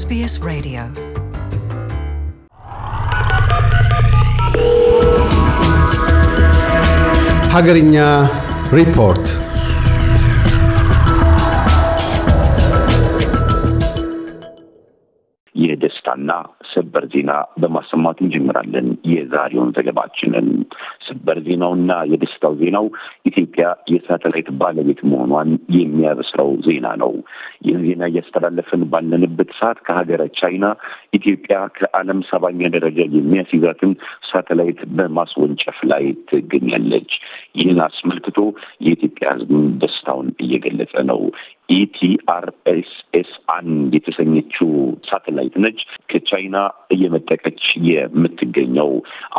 SBS Radio. Hagarinya Report. የደስታና ሰበር ዜና በማሰማት እንጀምራለን የዛሬውን ዘገባችንን። ሰበር ዜናውና የደስታው ዜናው ኢትዮጵያ የሳተላይት ባለቤት መሆኗን የሚያበስረው ዜና ነው። ይህን ዜና እያስተላለፍን ባለንበት ሰዓት ከሀገረ ቻይና ኢትዮጵያ ከዓለም ሰባኛ ደረጃ የሚያስይዛትን ሳተላይት በማስወንጨፍ ላይ ትገኛለች። ይህን አስመልክቶ የኢትዮጵያ ህዝብ ደስታውን እየገለጸ ነው። ኢቲአርኤስኤስ አንድ የተሰኘችው ሳተላይት ነች ከቻይና እየመጠቀች የምትገኘው።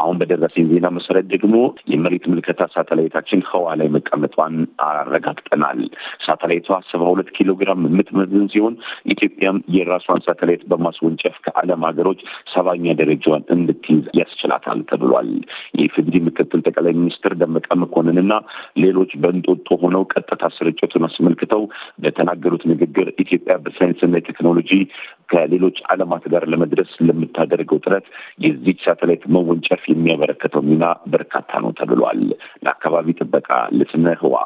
አሁን በደረሰኝ ዜና መሰረት ደግሞ የመሬት ምልከታ ሳተላይታችን ህዋ ላይ መቀመጧን አረጋግጠናል። ሳተላይቷ ሰባ ሁለት ኪሎ ግራም የምትመዝን ሲሆን ኢትዮጵያም የራሷን ሳተላይት በማስወንጨፍ ከዓለም ሀገሮች ሰባኛ ደረጃዋን እንድትይዝ ያስችላታል ተብሏል። የኢፌዴሪ ምክትል ጠቅላይ ሚኒስትር ደመቀ መኮንንና ሌሎች በእንጦጦ ሆነው ቀጥታ ስርጭቱን አስመልክተው በተናገሩት ንግግር ኢትዮጵያ በሳይንስና ቴክኖሎጂ ከሌሎች ዓለማት ጋር ለመድረስ ለምታደርገው ጥረት የዚች ሳተላይት መወንጨፍ የሚያበረከተው ሚና በርካታ ነው ተብሏል። ለአካባቢ ጥበቃ፣ ለስነ ህዋ፣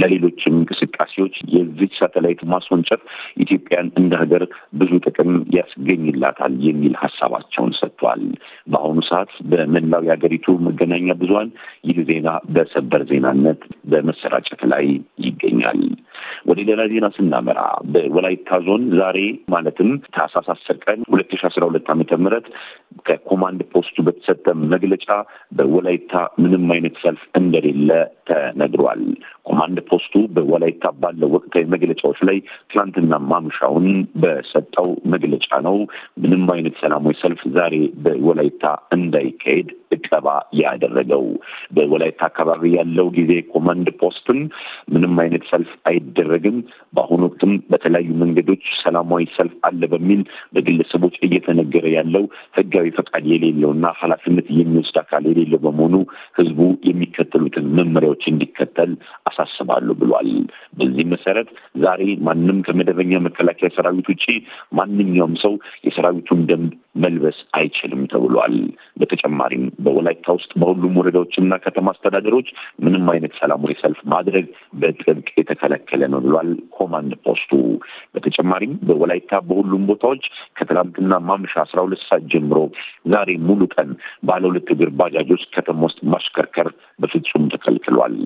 ለሌሎችም እንቅስቃሴዎች የዚች ሳተላይት ማስወንጨፍ ኢትዮጵያን እንደ ሀገር ብዙ ጥቅም ያስገኝላታል የሚል ሀሳባቸውን ሰጥቷል። በአሁኑ ሰዓት በመላው የሀገሪቱ መገናኛ ብዙሀን ይህ ዜና በሰበር ዜናነት በመሰራጨት ላይ ይገኛል። ወደ ሌላ ዜና ስናመራ በወላይታ ዞን ዛሬ ማለትም ታህሳስ አስር ቀን ሁለት ሺ አስራ ሁለት ዓመተ ምህረት ከኮማንድ ፖስቱ በተሰጠ መግለጫ በወላይታ ምንም አይነት ሰልፍ እንደሌለ ተነግሯል። ኮማንድ ፖስቱ በየካ ባለው ወቅታዊ መግለጫዎች ላይ ትናንትና ማምሻውን በሰጠው መግለጫ ነው ምንም አይነት ሰላማዊ ሰልፍ ዛሬ በወላይታ እንዳይካሄድ እቀባ ያደረገው። በወላይታ አካባቢ ያለው ጊዜ ኮማንድ ፖስትም ምንም አይነት ሰልፍ አይደረግም፣ በአሁኑ ወቅትም በተለያዩ መንገዶች ሰላማዊ ሰልፍ አለ በሚል በግለሰቦች እየተ እየተቸገረ ያለው ህጋዊ ፈቃድ የሌለውና ኃላፊነት የሚወስድ አካል የሌለው በመሆኑ ህዝቡ የሚከተሉትን መመሪያዎች እንዲከተል አሳስባሉ ብሏል። በዚህ መሰረት ዛሬ ማንም ከመደበኛ መከላከያ ሰራዊት ውጭ ማንኛውም ሰው የሰራዊቱን ደንብ መልበስ አይችልም ተብሏል። በተጨማሪም በወላይታ ውስጥ በሁሉም ወረዳዎችና ከተማ አስተዳደሮች ምንም አይነት ሰላማዊ ሰልፍ ማድረግ በጥብቅ የተከለከለ ነው ብሏል ኮማንድ ፖስቱ። በተጨማሪም በወላይታ በሁሉም ቦታዎች ከትላንትና ማምሻ አስራ ሁለት ሰዓት ጀምሮ ዛሬ ሙሉ ቀን ባለ ሁለት እግር ባጃጆች ከተማ ውስጥ ማሽከርከር በፍጹም ተከልክሏል።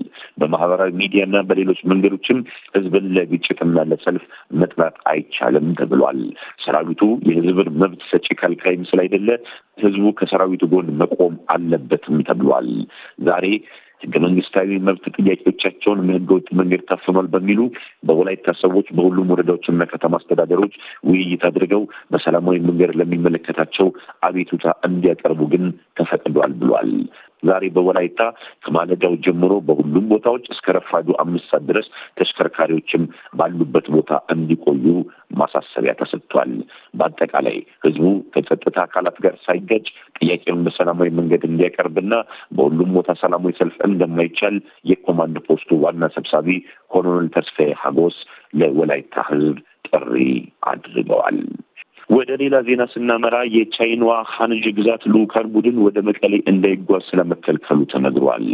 በማህበራዊ ሚዲያና በሌሎች መንገዶችም ህዝብን ለግጭትና ለሰልፍ መጥራት አይቻልም ተብሏል። ሰራዊቱ የህዝብን መብት ሰጪ ከልክ ፖለቲካዊ ምስል አይደለ። ህዝቡ ከሰራዊቱ ጎን መቆም አለበትም ተብሏል። ዛሬ ህገ መንግስታዊ መብት ጥያቄዎቻቸውን ህገወጥ መንገድ ታፍኗል በሚሉ በወላይታ ሰዎች በሁሉም ወረዳዎችና ከተማ አስተዳደሮች ውይይት አድርገው በሰላማዊ መንገድ ለሚመለከታቸው አቤቱታ እንዲያቀርቡ ግን ተፈቅዷል ብሏል። ዛሬ በወላይታ ከማለዳው ጀምሮ በሁሉም ቦታዎች እስከ ረፋዱ አምስት ሰዓት ድረስ ተሽከርካሪዎችም ባሉበት ቦታ እንዲቆዩ ማሳሰቢያ ተሰጥቷል። በአጠቃላይ ህዝቡ ከጸጥታ አካላት ጋር ሳይጋጭ ጥያቄውን በሰላማዊ መንገድ እንዲያቀርብና በሁሉም ቦታ ሰላማዊ ሰልፍ እንደማይቻል የኮማንድ ፖስቱ ዋና ሰብሳቢ ኮሎኔል ተስፋዬ ሀጎስ ለወላይታ ህዝብ ጥሪ አድርገዋል። ወደ ሌላ ዜና ስናመራ የቻይናዋ ሀንዥ ግዛት ልዑካን ቡድን ወደ መቀሌ እንዳይጓዝ ስለመከልከሉ ተነግሯል።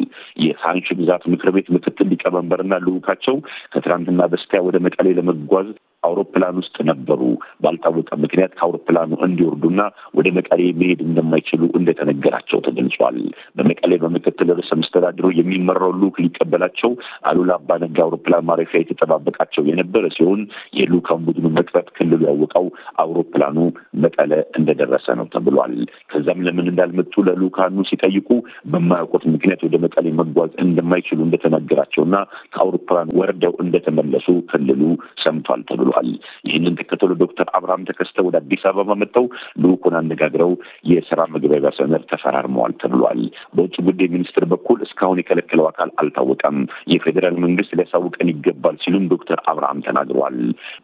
የሃንሽ ግዛት ምክር ቤት ምክትል ሊቀመንበርና ልውካቸው ከትናንትና በስቲያ ወደ መቀሌ ለመጓዝ አውሮፕላን ውስጥ ነበሩ። ባልታወቀ ምክንያት ከአውሮፕላኑ እንዲወርዱና ወደ መቀሌ መሄድ እንደማይችሉ እንደተነገራቸው ተገልጿል። በመቀሌ በምክትል ርዕሰ መስተዳድሩ የሚመራው ልዑክ ሊቀበላቸው አሉላ አባነጋ አውሮፕላን ማረፊያ የተጠባበቃቸው የነበረ ሲሆን የልዑካን ቡድኑ መቅረት ክልሉ ያወቀው አውሮፕላኑ መቀለ እንደደረሰ ነው ተብሏል። ከዛም ለምን እንዳልመጡ ለልኡካኑ ሲጠይቁ በማያውቁት ምክንያት ወደ መቀሌ መጓዝ እንደማይችሉ እንደተነገራቸውና ከአውሮፕላን ወርደው እንደተመለሱ ክልሉ ሰምቷል ተብሏል። ይህንን ተከትሎ ዶክተር አብርሃም ተከስተ ወደ አዲስ አበባ መጥተው ልኡኩን አነጋግረው የስራ መግቢያ ሰነድ ተፈራርመዋል ተብሏል። በውጭ ጉዳይ ሚኒስትር በኩል እስካሁን የከለከለው አካል አልታወቀም። የፌዴራል መንግስት ሊያሳውቀን ይገባል ሲሉም ዶክተር አብርሃም ተናግረዋል።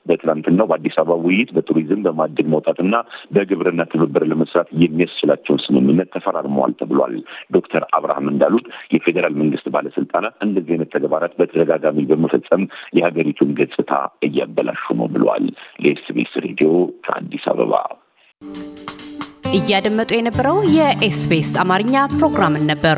በትናንትናው በአዲስ አበባ ውይይት በቱሪዝም በማደግ መውጣትና በግብርና ትብብር ለመስራት የሚያስችላቸውን ስምምነት ተፈራርመዋል ተብሏል። ዶክተር አብርሃም እንዳሉት የፌዴራል መንግስት ባለስልጣናት እንደዚህ አይነት ተግባራት በተደጋጋሚ በመፈጸም የሀገሪቱን ገጽታ እያበላሹ ነው ብለዋል። ለኤስቢኤስ ሬዲዮ ከአዲስ አበባ እያደመጡ የነበረው የኤስቢኤስ አማርኛ ፕሮግራምን ነበር።